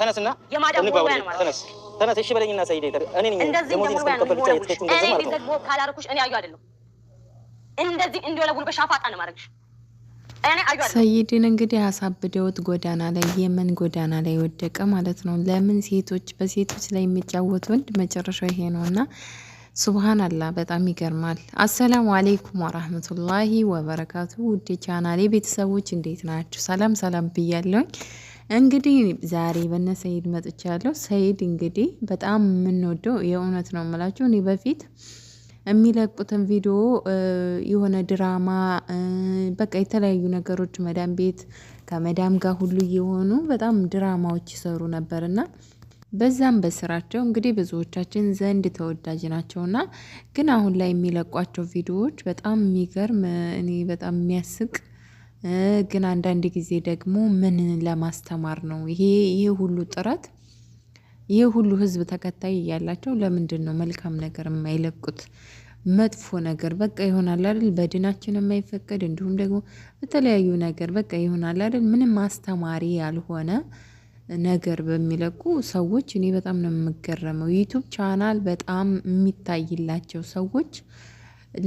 ተነስ በለኝና ሰይድ ሰይድን እንግዲህ አሳብደውት ጎዳና ላይ የመን ጎዳና ላይ ወደቀ ማለት ነው። ለምን ሴቶች በሴቶች ላይ የሚጫወት ወንድ መጨረሻው ይሄ ነው እና ሱብሃናላህ በጣም ይገርማል። አሰላሙ አሌይኩም ወራህመቱላሂ ወበረካቱ። ውድ ቻናሌ ቤተሰቦች እንዴት ናችሁ? ሰላም ሰላም ብያለሁኝ። እንግዲህ ዛሬ በነ ሰይድ መጥቻለሁ። ሰይድ እንግዲህ በጣም የምንወደው የእውነት ነው የምላችሁ። እኔ በፊት የሚለቁትን ቪዲዮ የሆነ ድራማ በቃ የተለያዩ ነገሮች መዳም ቤት ከመዳም ጋር ሁሉ የሆኑ በጣም ድራማዎች ይሰሩ ነበርና በዛም በስራቸው እንግዲህ ብዙዎቻችን ዘንድ ተወዳጅ ናቸውና ግን አሁን ላይ የሚለቋቸው ቪዲዮዎች በጣም የሚገርም እኔ በጣም የሚያስቅ ግን አንዳንድ ጊዜ ደግሞ ምን ለማስተማር ነው ይሄ ይሄ ሁሉ ጥረት ይሄ ሁሉ ህዝብ ተከታይ እያላቸው ለምንድን ነው መልካም ነገር የማይለቁት? መጥፎ ነገር በቃ ይሆናል አይደል? በድናችን የማይፈቀድ እንዲሁም ደግሞ በተለያዩ ነገር በቃ ይሆናል አይደል? ምንም አስተማሪ ያልሆነ ነገር በሚለቁ ሰዎች እኔ በጣም ነው የምገረመው። ዩቱብ ቻናል በጣም የሚታይላቸው ሰዎች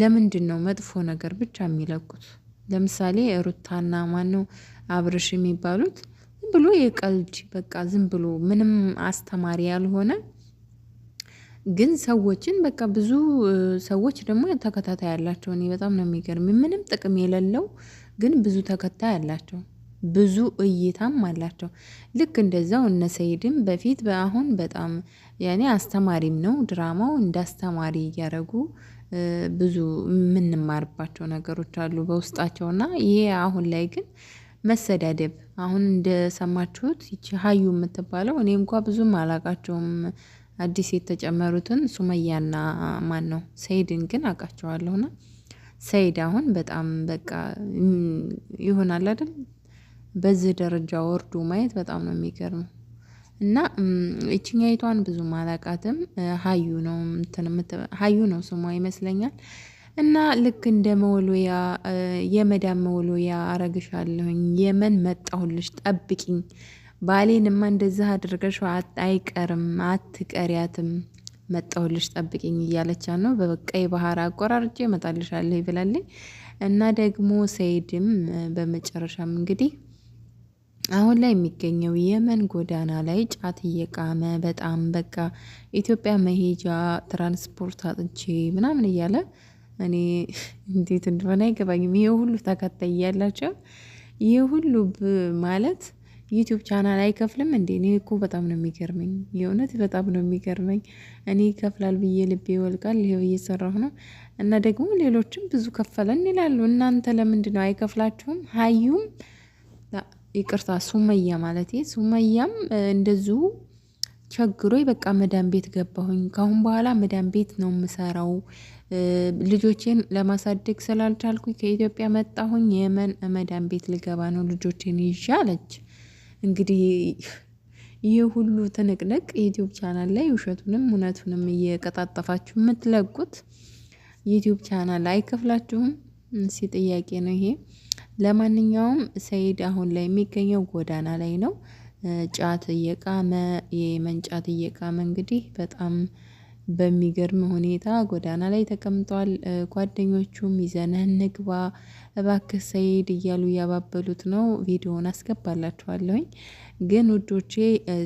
ለምንድን ነው መጥፎ ነገር ብቻ የሚለቁት? ለምሳሌ ሩታና ማነው አብርሽ የሚባሉት ዝም ብሎ የቀልድ በቃ ዝም ብሎ ምንም አስተማሪ ያልሆነ ግን ሰዎችን በቃ ብዙ ሰዎች ደግሞ ተከታታይ ያላቸው እኔ በጣም ነው የሚገርም። ምንም ጥቅም የሌለው ግን ብዙ ተከታይ ያላቸው ብዙ እይታም አላቸው። ልክ እንደዛው እነ ሰይድም በፊት በአሁን በጣም ያኔ አስተማሪም ነው ድራማው እንዳስተማሪ እያደረጉ ብዙ የምንማርባቸው ነገሮች አሉ በውስጣቸው እና ይሄ አሁን ላይ ግን መሰዳደብ አሁን እንደሰማችሁት ይቺ ሀዩ የምትባለው እኔ እንኳ ብዙም አላቃቸውም። አዲስ የተጨመሩትን ሱመያና ማን ነው ሰይድን ግን ና ሰይድ አሁን በጣም በቃ ይሆናል አይደል? በዚህ ደረጃ ወርዶ ማየት በጣም ነው የሚገርመው። እና ይችኛይቷን ብዙ ማላቃትም ሀዩ ነው ሀዩ ነው ስሟ ይመስለኛል። እና ልክ እንደ መወሎያ የመዳን መወሎያ አረግሻለሁኝ፣ የመን መጣሁልሽ፣ ጠብቂኝ፣ ባሌንማ እንደዚህ አድርገሽ አይቀርም አትቀሪያትም መጣሁልሽ ጠብቂኝ እያለቻ ነው። በቀይ ባህር አቆራርጬ እመጣልሻለሁ ይብላለኝ እና ደግሞ ሰይድም በመጨረሻም እንግዲህ አሁን ላይ የሚገኘው የመን ጎዳና ላይ ጫት እየቃመ በጣም በቃ ኢትዮጵያ መሄጃ ትራንስፖርት አጥቼ ምናምን እያለ እኔ እንዴት እንደሆነ አይገባኝም። ይህ ሁሉ ተከታይ እያላቸው ይህ ሁሉ ማለት ዩቲዩብ ቻናል አይከፍልም እንዴ? እኔ እኮ በጣም ነው የሚገርመኝ፣ የእውነት በጣም ነው የሚገርመኝ። እኔ ይከፍላል ብዬ ልቤ ይወልቃል። ይሄው እየሰራሁ ነው። እና ደግሞ ሌሎችም ብዙ ከፈለን ይላሉ። እናንተ ለምንድን ነው አይከፍላችሁም? ሀዩም ይቅርታ ሱመያ ማለት ሱመያም እንደዚሁ ቸግሮኝ በቃ መዳን ቤት ገባሁኝ። ካሁን በኋላ መዳን ቤት ነው የምሰራው። ልጆቼን ለማሳደግ ስላልቻልኩኝ ከኢትዮጵያ መጣሁኝ። የመን መዳን ቤት ልገባ ነው ልጆቼን ይዤ አለች። እንግዲህ ይህ ሁሉ ትንቅንቅ የዩቲዩብ ቻናል ላይ ውሸቱንም እውነቱንም እየቀጣጠፋችሁ የምትለቁት ዩቲዩብ ቻናል አይከፍላችሁም? እስኪ ጥያቄ ነው ይሄ። ለማንኛውም ሰይድ አሁን ላይ የሚገኘው ጎዳና ላይ ነው። ጫት እየቃመ የመንጫት እየቃመ እንግዲህ በጣም በሚገርም ሁኔታ ጎዳና ላይ ተቀምጧል። ጓደኞቹም ይዘንህ ንግባ እባክህ ሰይድ እያሉ እያባበሉት ነው። ቪዲዮውን አስገባላችኋለሁኝ። ግን ውዶቼ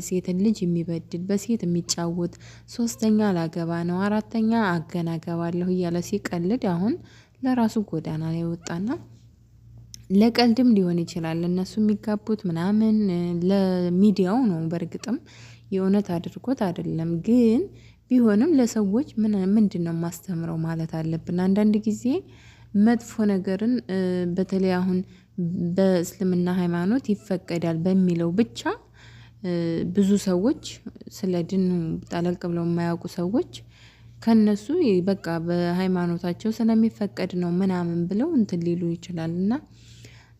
ሴትን ልጅ የሚበድል በሴት የሚጫወት ሶስተኛ ላገባ ነው አራተኛ አገናገባለሁ እያለ ሲቀልድ አሁን ለራሱ ጎዳና ላይ ወጣና ለቀልድም ሊሆን ይችላል እነሱ የሚጋቡት ምናምን ለሚዲያው ነው። በእርግጥም የእውነት አድርጎት አይደለም ግን ቢሆንም ለሰዎች ምንድን ነው ማስተምረው ማለት አለብን። አንዳንድ ጊዜ መጥፎ ነገርን በተለይ አሁን በእስልምና ሃይማኖት ይፈቀዳል በሚለው ብቻ ብዙ ሰዎች ስለ ድኑ ጠለቅ ብለው የማያውቁ ሰዎች ከነሱ በቃ በሃይማኖታቸው ስለሚፈቀድ ነው ምናምን ብለው እንትን ሊሉ ይችላል እና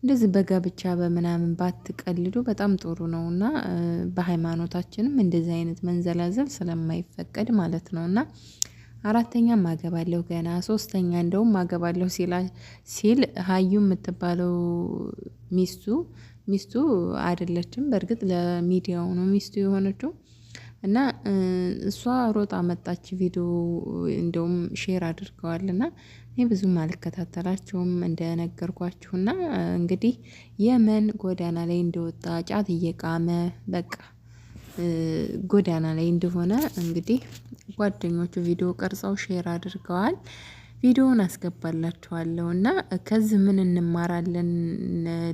እንደዚህ በጋብቻ በምናምን ባትቀልዱ በጣም ጥሩ ነው እና በሃይማኖታችንም እንደዚህ አይነት መንዘላዘል ስለማይፈቀድ ማለት ነው እና አራተኛ አገባለሁ ገና ሶስተኛ እንደውም አገባለሁ ሲል ሀዩ የምትባለው ሚስቱ ሚስቱ አይደለችም። በእርግጥ ለሚዲያው ነው ሚስቱ የሆነችው። እና እሷ ሮጣ መጣች። ቪዲዮ እንደውም ሼር አድርገዋል እና እኔ ብዙም አልከታተላቸውም እንደነገርኳችሁና እንግዲህ የመን ጎዳና ላይ እንደወጣ ጫት እየቃመ በቃ ጎዳና ላይ እንደሆነ እንግዲህ ጓደኞቹ ቪዲዮ ቀርጸው ሼር አድርገዋል። ቪዲዮውን አስገባላችኋለሁ እና ከዚህ ምን እንማራለን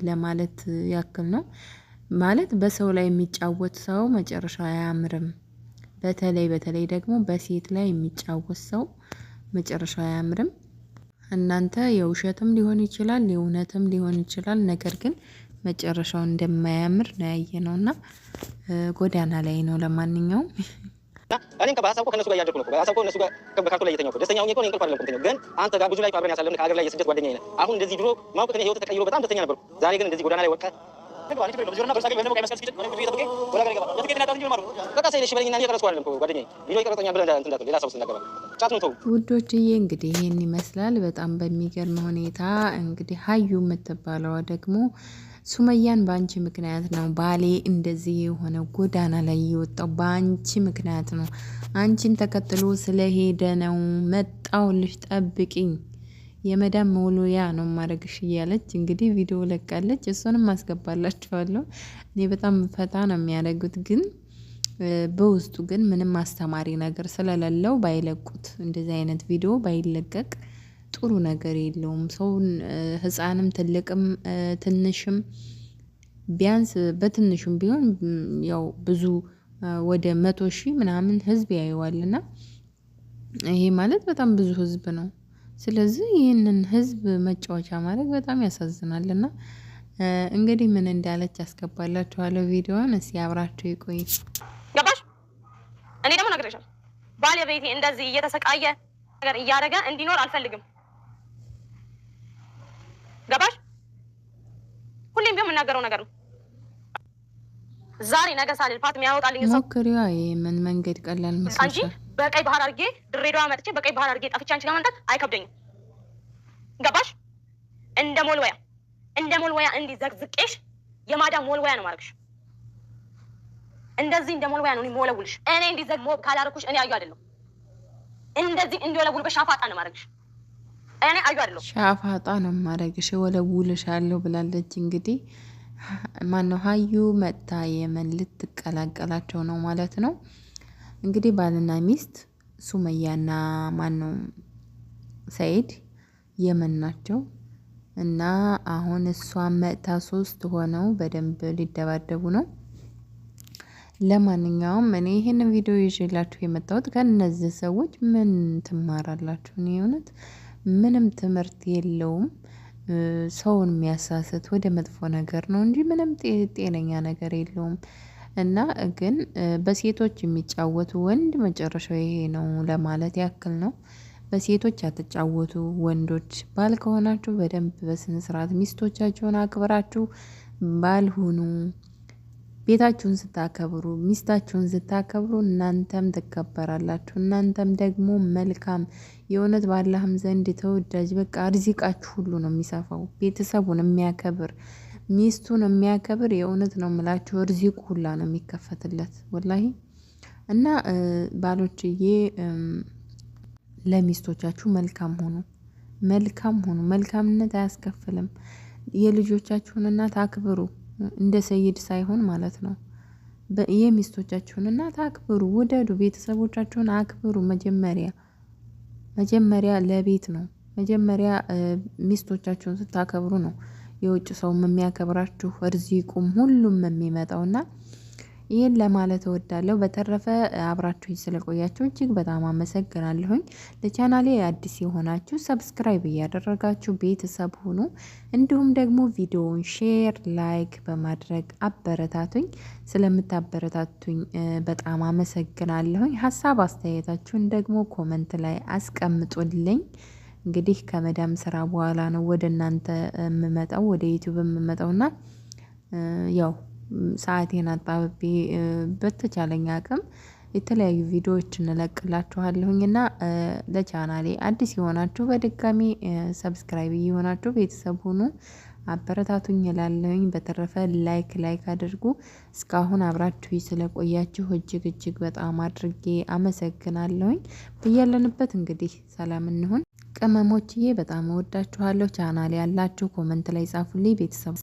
ለማለት ያክል ነው። ማለት በሰው ላይ የሚጫወት ሰው መጨረሻው አያምርም። በተለይ በተለይ ደግሞ በሴት ላይ የሚጫወት ሰው መጨረሻው አያምርም። እናንተ የውሸትም ሊሆን ይችላል የእውነትም ሊሆን ይችላል። ነገር ግን መጨረሻው እንደማያምር ነው ያየ ነው እና ጎዳና ላይ ነው። ለማንኛውም እኔም ከሀሳብ እኮ ጋር እያደረኩ ነው። ሀሳብ ከነሱ ጋር ከእነሱ ጋር እየተኛሁ እኮ ደስተኛ ሆኜ እኮ እኔ እንቅልፍ አይደለም እኮ ግን አንተ ጋር ብዙ ላይ እኮ አብረን ያሳለፍን ከሀገር ላይ የስደት ጓደኛ ነህ። አሁን እንደዚህ ድሮ ማውቅ ህይወት ተቀይሮ በጣም ደስተኛ ነበርኩ። ዛሬ ግን እንደዚህ ጎዳና ላይ ወድቀህ ውዶችዬ እንግዲህ ይህን ይመስላል። በጣም በሚገርም ሁኔታ እንግዲህ ሀዩ የምትባለዋ ደግሞ ሱመያን በአንቺ ምክንያት ነው ባሌ እንደዚህ የሆነ ጎዳና ላይ የወጣው በአንቺ ምክንያት ነው፣ አንቺን ተከትሎ ስለሄደ ነው፣ መጣሁልሽ ጠብቂኝ የመዳም መውሎያ ነው ማድረግሽ እያለች እንግዲህ ቪዲዮ ለቃለች። እሱንም አስገባላችኋለሁ። እኔ በጣም ፈታ ነው የሚያደርጉት ግን በውስጡ ግን ምንም አስተማሪ ነገር ስለሌለው ባይለቁት እንደዚህ አይነት ቪዲዮ ባይለቀቅ ጥሩ ነገር የለውም። ሰውን ሕፃንም ትልቅም ትንሽም ቢያንስ በትንሹም ቢሆን ያው ብዙ ወደ መቶ ሺህ ምናምን ሕዝብ ያየዋልና ይሄ ማለት በጣም ብዙ ሕዝብ ነው። ስለዚህ ይህንን ህዝብ መጫወቻ ማድረግ በጣም ያሳዝናል። እና እንግዲህ ምን እንዳለች ያስገባላችኋለሁ ቪዲዮን። እስኪ አብራችሁ ይቆይ። ገባሽ? እኔ ደግሞ ነግሬሻለሁ፣ ባለቤቴ እንደዚህ እየተሰቃየ ነገር እያደረገ እንዲኖር አልፈልግም። ገባሽ? ሁሌም ቢሆን የምናገረው ነገር ነው። ዛሬ ነገ ሳልል ፓት የሚያወጣልኝ ሰው ሞክሪዋ። ይሄ ምን መንገድ ቀላል መስሎሻል? በቀይ ባህር አድርጌ ድሬዳዋ መጥቼ በቀይ ባህር አድርጌ ጠፍቼ አንቺ ለማምጣት አይከብደኝም። ገባሽ? እንደ ሞልወያ እንደ ሞልወያ እንዲህ ዘግዝቄሽ የማዳም ሞልወያ ነው ማድረግሽ። እንደዚህ እንደ ሞልወያ ነው ሞለውልሽ። እኔ እንዲህ ዘግሞ ካላረኩሽ እኔ አዩ አይደለሁ። እንደዚህ እንዲወለውል በሻፋጣ ነው ማድረግሽ። እኔ አዩ አይደለሁ። ሻፋጣ ነው ማድረግሽ። ወለውልሻለሁ ብላለች እንግዲህ ማነው ሀዩ መታ የምን ልትቀላቀላቸው ነው ማለት ነው። እንግዲህ ባልና ሚስት ሱመያና ማነው ሰይድ የመን ናቸው እና አሁን እሷ መጥታ ሶስት ሆነው በደንብ ሊደባደቡ ነው። ለማንኛውም እኔ ይህንን ቪዲዮ ይዤላችሁ የመጣሁት ከእነዚህ ሰዎች ምን ትማራላችሁ? እኔ እውነት ምንም ትምህርት የለውም። ሰውን የሚያሳስት ወደ መጥፎ ነገር ነው እንጂ ምንም ጤነኛ ነገር የለውም። እና ግን በሴቶች የሚጫወቱ ወንድ መጨረሻው ይሄ ነው ለማለት ያክል ነው። በሴቶች ያተጫወቱ ወንዶች ባል ከሆናችሁ በደንብ በስነ ስርዓት ሚስቶቻችሁን አክብራችሁ ባል ሁኑ። ቤታችሁን ስታከብሩ ሚስታችሁን ስታከብሩ እናንተም ትከበራላችሁ እናንተም ደግሞ መልካም የእውነት ባላህም ዘንድ ተወዳጅ በቃ እርዚቃችሁ ሁሉ ነው የሚሰፋው ቤተሰቡን የሚያከብር ሚስቱን የሚያከብር የእውነት ነው የምላችሁ እርዚቁ ሁላ ነው የሚከፈትለት ወላሂ። እና ባሎችዬ ለሚስቶቻችሁ መልካም ሆኑ፣ መልካም ሆኑ። መልካምነት አያስከፍልም። የልጆቻችሁን እናት አክብሩ፣ እንደ ሰይድ ሳይሆን ማለት ነው። የሚስቶቻችሁን እናት አክብሩ፣ ውደዱ፣ ቤተሰቦቻችሁን አክብሩ። መጀመሪያ መጀመሪያ ለቤት ነው። መጀመሪያ ሚስቶቻችሁን ስታከብሩ ነው የውጭ ሰውም የሚያከብራችሁ እርዚቁም ሁሉም የሚመጣውና ይህን ለማለት እወዳለሁ። በተረፈ አብራችሁኝ ስለቆያችሁ እጅግ በጣም አመሰግናለሁኝ። ለቻናሌ አዲስ የሆናችሁ ሰብስክራይብ እያደረጋችሁ ቤተሰብ ሁኑ። እንዲሁም ደግሞ ቪዲዮውን ሼር፣ ላይክ በማድረግ አበረታቱኝ። ስለምታበረታቱኝ በጣም አመሰግናለሁኝ። ሀሳብ አስተያየታችሁን ደግሞ ኮመንት ላይ አስቀምጡልኝ። እንግዲህ ከመዳም ስራ በኋላ ነው ወደ እናንተ የምመጣው ወደ የምመጣው የምመጣውና ያው ሰአቴን አጣብቤ በተቻለኝ አቅም የተለያዩ ቪዲዮዎች እንለቅላችኋለሁኝና ለቻናሌ አዲስ የሆናችሁ በድጋሚ ሰብስክራይብ የሆናችሁ ቤተሰብ ሁኑ፣ አበረታቱኝ እላለሁኝ። በተረፈ ላይክ ላይክ አድርጉ። እስካሁን አብራችሁ ስለቆያችሁ እጅግ እጅግ በጣም አድርጌ አመሰግናለሁኝ። ብያለንበት እንግዲህ ሰላም እንሁን። ቅመሞችዬ በጣም እወዳችኋለሁ። ቻናል ያላችሁ ኮመንት ላይ ጻፉልኝ ቤተሰብ